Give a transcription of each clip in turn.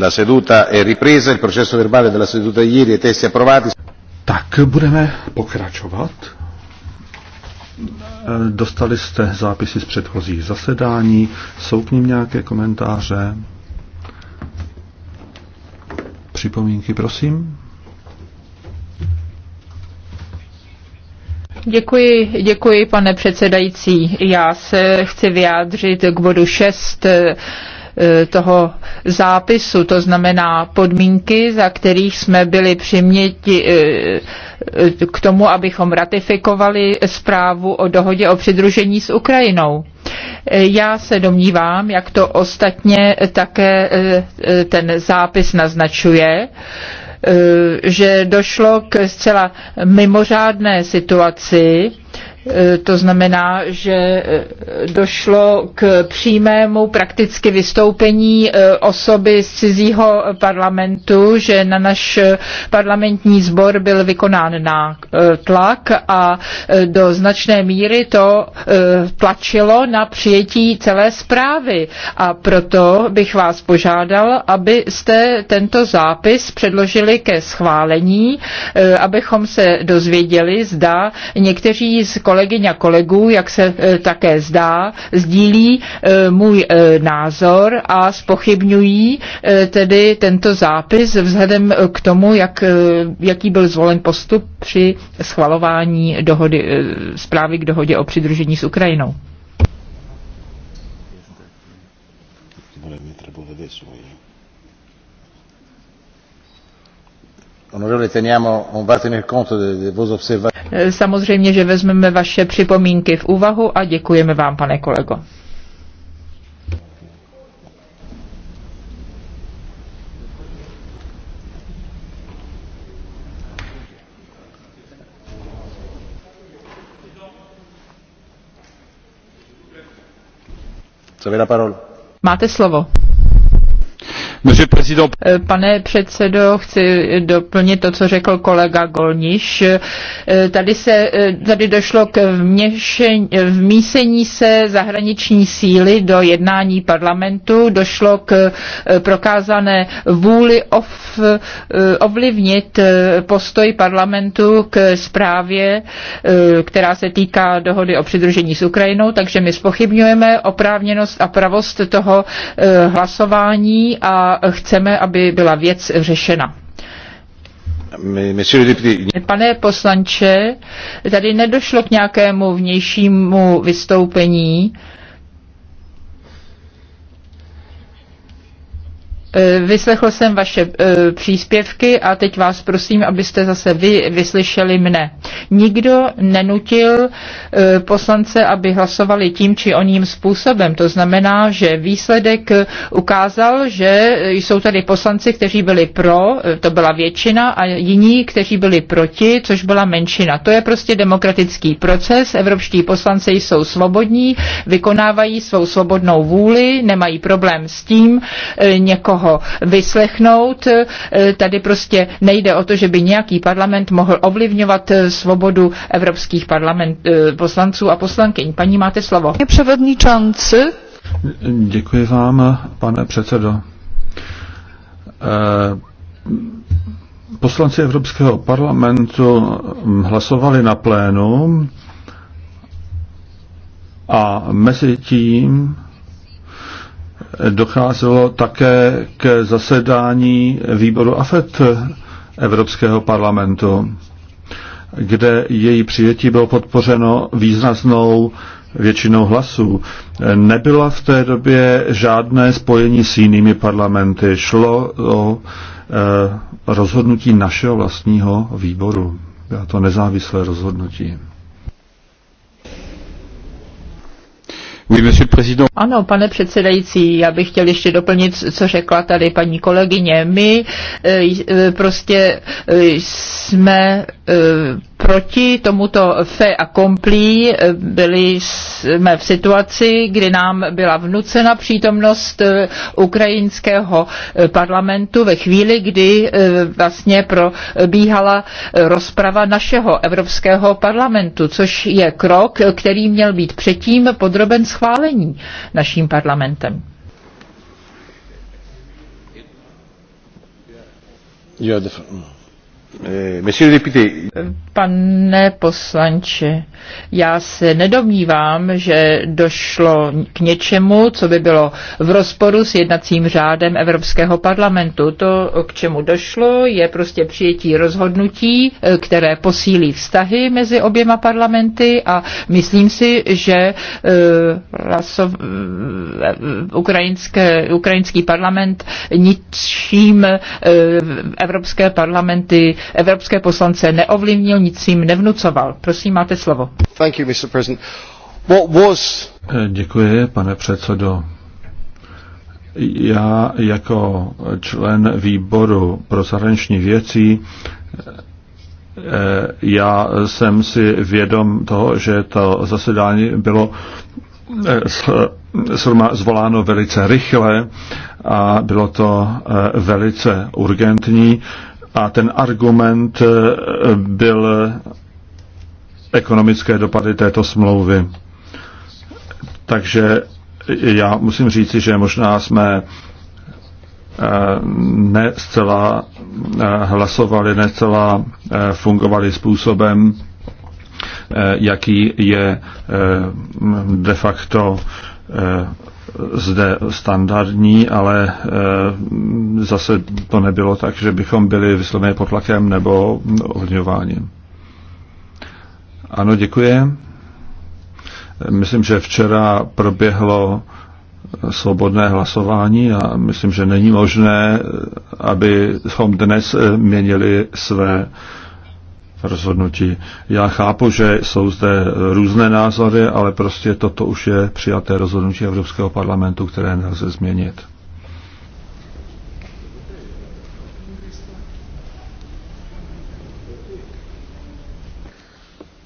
La seduta è ripresa, il processo verbale della seduta di ieri e i testi approvati. Tak budeme pokračovat. Eh, dostali jste zápisy z předchozích zasedání, jsou k ním nějaké komentáře? Připomínky, prosím. Děkuji, děkuji, pane předsedající. Já se chci vyjádřit k bodu 6 E, toho zápisu, to znamená podmínky, za kterých jsme byli přiměti e, e, k tomu, abychom ratifikovali zprávu o dohodě o přidružení s Ukrajinou. Já se domnívám, jak to ostatně také ten zápis naznačuje, že došlo k zcela mimořádné situaci, E, to znamená, že e, došlo k přímému prakticky vystoupení e, osoby z cizího parlamentu, že na náš parlamentní sbor byl vykonán tlak a do značné míry to tlačilo na přijetí celé zprávy. A proto bych vás požádal, abyste tento zápis předložili ke schválení, abychom se dozvěděli, zda někteří z kolegů kolegyň a kolegů, jak se e, také zdá, sdílí e, můj e, názor a spochybňují tedy tento zápis vzhledem k tomu, jak, jaký byl zvolen postup při schvalování dohody, zprávy k dohodě o přidružení s Ukrajinou. Volevamo introdurre Eh, samozřejmě, že vezmeme vaše připomínky v úvahu a děkujeme vám, pane kolego. Máte slovo. Eh, pane předsedo, chci doplnit to, co řekl kolega Golniš. Eh, tady, se, eh, tady došlo k vměšení, vmísení se zahraniční síly do jednání parlamentu, došlo k prokázané vůli ov, ovlivnit postoj parlamentu k zprávě, která se týká dohody o přidružení s Ukrajinou, takže my spochybňujeme oprávněnost a pravost toho hlasování a chceme, aby byla věc řešena. Pane poslanče, tady nedošlo k nějakému vnějšímu vystoupení. Eh, vyslechl jsem vaše eh, příspěvky a teď vás prosím, abyste zase vy vyslyšeli mne. Nikdo nenutil eh, poslance, aby hlasovali tím či oním způsobem. To znamená, že výsledek ukázal, že jsou tady poslanci, kteří byli pro, to byla většina, a jiní, kteří byli proti, což byla menšina. To je prostě demokratický proces. Evropští poslanci jsou svobodní, vykonávají svou svobodnou vůli, nemají problém s tím někoho někoho vyslechnout. E, tady prostě nejde o to, že by nějaký parlament mohl ovlivňovat e, svobodu evropských parlament, e, poslanců a poslankyň. Paní, máte slovo. Pane předsedající. Děkuji vám, pane předsedo. Poslanci Evropského parlamentu hlasovali na plénu a mezi tím docházelo také k zasedání výboru AFET Evropského parlamentu, kde její přijetí bylo podpořeno významnou většinou hlasů. Nebyla v té době žádné spojení s jinými parlamenty. Šlo o e, rozhodnutí našeho vlastního výboru. Bylo to nezávislé rozhodnutí. Ano, pane předsedající, já bych chtěl ještě doplnit, co řekla tady paní kolegyně. My eh, eh, prostě eh, jsme proti tomuto fe a komplí eh, byli jsme v situaci, kdy nám byla vnucena přítomnost eh, ukrajinského eh, parlamentu ve chvíli, kdy vlastně probíhala rozprava našeho Evropského parlamentu, což je krok, který měl být předtím podroben schválení naším parlamentem. Yeah, different. Eh, Pane poslanče, já se nedomnívám, že došlo k něčemu, co by bylo v rozporu s jednacím řádem Evropského parlamentu. To, k čemu došlo, je prostě přijetí rozhodnutí, eh, které posílí vztahy mezi oběma parlamenty a myslím si, že uh, ukrajinské, ukrajinský parlament ničím uh, evropské parlamenty evropské poslance neovlivnil, nic jim nevnucoval. Prosím, máte slovo. Thank you, Mr. President. What was... Eh, děkuji, pane předsedo. Já jako člen výboru pro zahraniční věcí eh, já jsem si vědom toho, že to zasedání bylo eh, zvoláno velice rychle a bylo to velice urgentní a ten argument eh, byl ekonomické dopady této smlouvy. Takže já musím říci, že možná jsme eh, ne zcela eh, hlasovali, ne zcela fungovali způsobem, jaký je de facto zde standardní, ale eh, zase to nebylo tak, že bychom byli vysloveně pod tlakem nebo ohňováním. Ano, děkuji. Myslím, že včera proběhlo svobodné hlasování a myslím, že není možné, abychom dnes měnili své rozhodnutí. Já chápu, že jsou zde různé názory, ale prostě toto už je přijaté rozhodnutí Evropského parlamentu, které nelze změnit.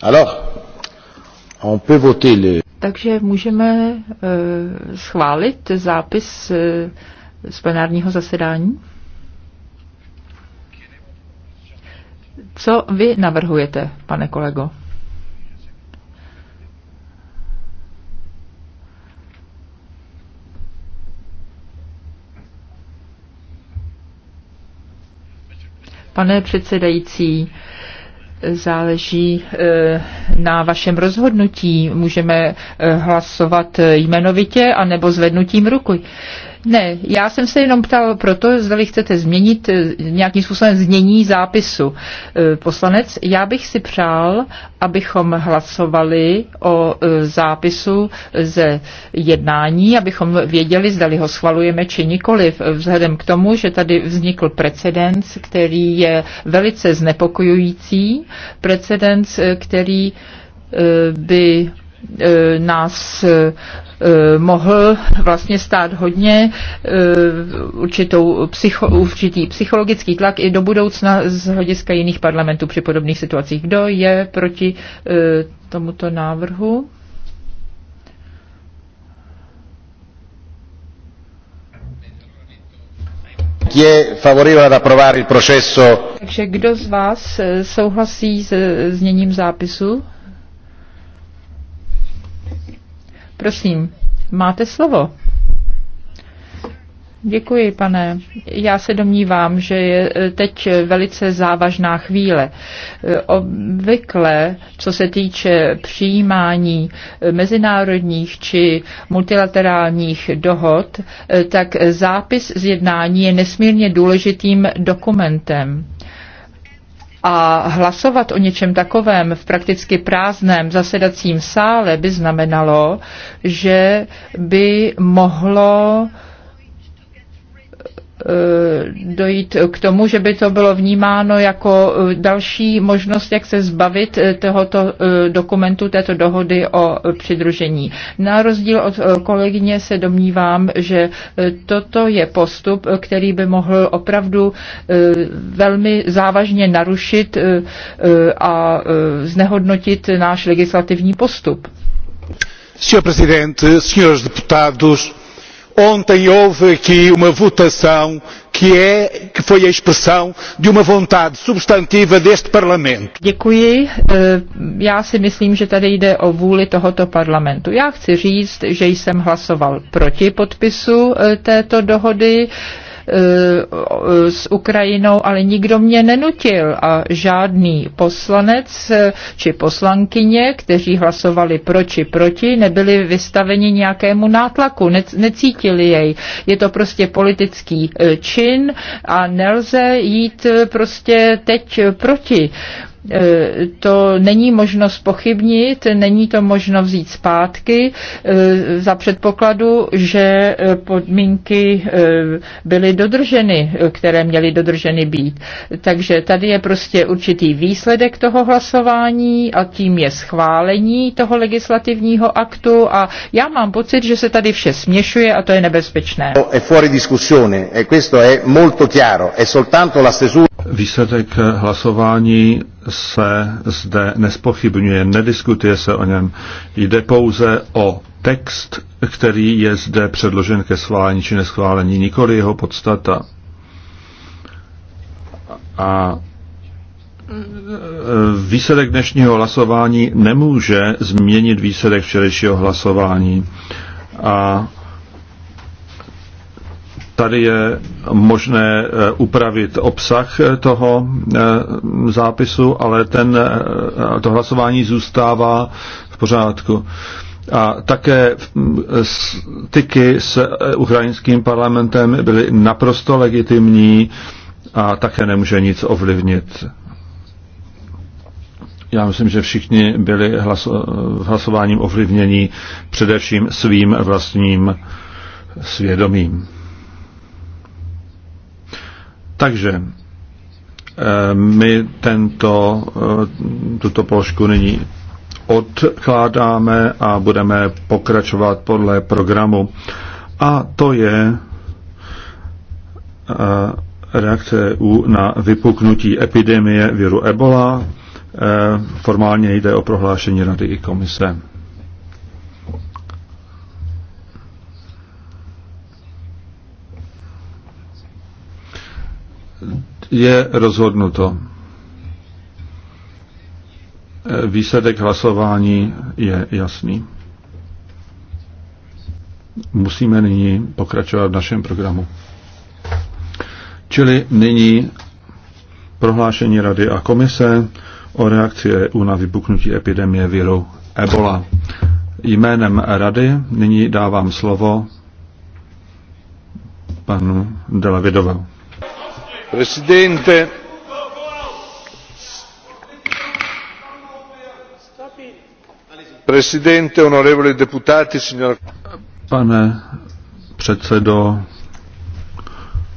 Alors, on peut voter les... Takže můžeme uh, schválit zápis uh, z plenárního zasedání? Co vy navrhujete, pane kolego? Pane předsedající, záleží e, na vašem rozhodnutí. Můžeme e, hlasovat jmenovitě anebo zvednutím ruky. Ne, já jsem se jenom ptal proto, zda chcete změnit e, nějakým způsobem změní zápisu. Poslanec, já bych si přál, abychom hlasovali o zápisu ze jednání, abychom věděli, zda ho schvalujeme či nikoliv, vzhledem k tomu, že tady vznikl precedens, který je velice znepokojující precedens, eh, který eh, by eh, nás mohl vlastně stát hodně určitou psycho, určitý psychologický tlak i do budoucna z hlediska jiných parlamentů při podobných situacích. Kdo je proti tomuto návrhu? Takže kdo z vás eh, souhlasí s zněním zápisu? Prosím, máte slovo. Děkuji, pane. Já se domnívám, že je eh, teď velice závažná chvíle. Eh, obvykle, co se týče přijímání eh, mezinárodních či multilaterálních dohod, tak zápis z jednání je nesmírně důležitým dokumentem. A hlasovat o něčem takovém v prakticky prázdném zasedacím sále by znamenalo, že by mohlo Eh, dojít k tomu, že by to bylo vnímáno jako eh, další možnost, jak se zbavit eh, tohoto dokumentu, této dohody o přidružení. Na rozdíl od kolegyně se domnívám, že toto je postup, který by mohl opravdu velmi závažně narušit a znehodnotit náš legislativní postup. Senhor Presidente, senhores deputados, ontem houve aqui uma votação que, é, que foi a expressão de uma vontade substantiva deste parlamento. Děkuji. Eh, já si myslím, že tady jde o vůli tohoto parlamentu. Já chci říct, že jsem hlasoval proti podpisu eh, této dohody. Eh, s Ukrajinou, ale nikdo mě nenutil a žádný poslanec eh, či poslankyně, kteří hlasovali pro či proti, nebyli vystaveni nějakému nátlaku, necítili jej. Je to prostě politický eh, čin a nelze jít prostě teď proti. Eh, to není možno spochybnit, není to možno vzít zpátky eh, za předpokladu, že eh, podmínky byly dodrženy, které měly dodrženy být. Takže tady je prostě určitý výsledek toho hlasování a tím je schválení toho legislativního aktu a já mám pocit, že se tady vše směšuje a to je nebezpečné. È fuori e questo è molto chiaro, è soltanto la stesura Výsledek hlasování se zde nespochybňuje, nediskutuje se o něm. Jde pouze o text, který je zde předložen ke schválení či neschválení, nikoli jeho podstata. A výsledek dnešního hlasování nemůže změnit výsledek včerejšího hlasování. A Tady je možné eh, upravit obsah eh, toho eh, zápisu, ale ten, to hlasování zůstává v pořádku a také styky s ukrajinským parlamentem byly naprosto legitimní a také nemůže nic ovlivnit. Já myslím, že všichni byli hlaso- hlasováním ovlivnění především svým vlastním svědomím. Takže eh, my tento, eh, tuto položku nyní odkládáme a budeme pokračovat podle programu. A to je eh, reakce EU na vypuknutí epidemie viru Ebola. Formálně jde o prohlášení Rady i komise. je rozhodnuto. Výsledek hlasování je jasný. Musíme nyní pokračovat v našem programu. Čili nyní prohlášení Rady a komise o reakci EU na vypuknutí epidemie viru Ebola. Jménem Rady nyní dávám slovo panu Delavidovu presidente onorevoli deputati signora pane předsedo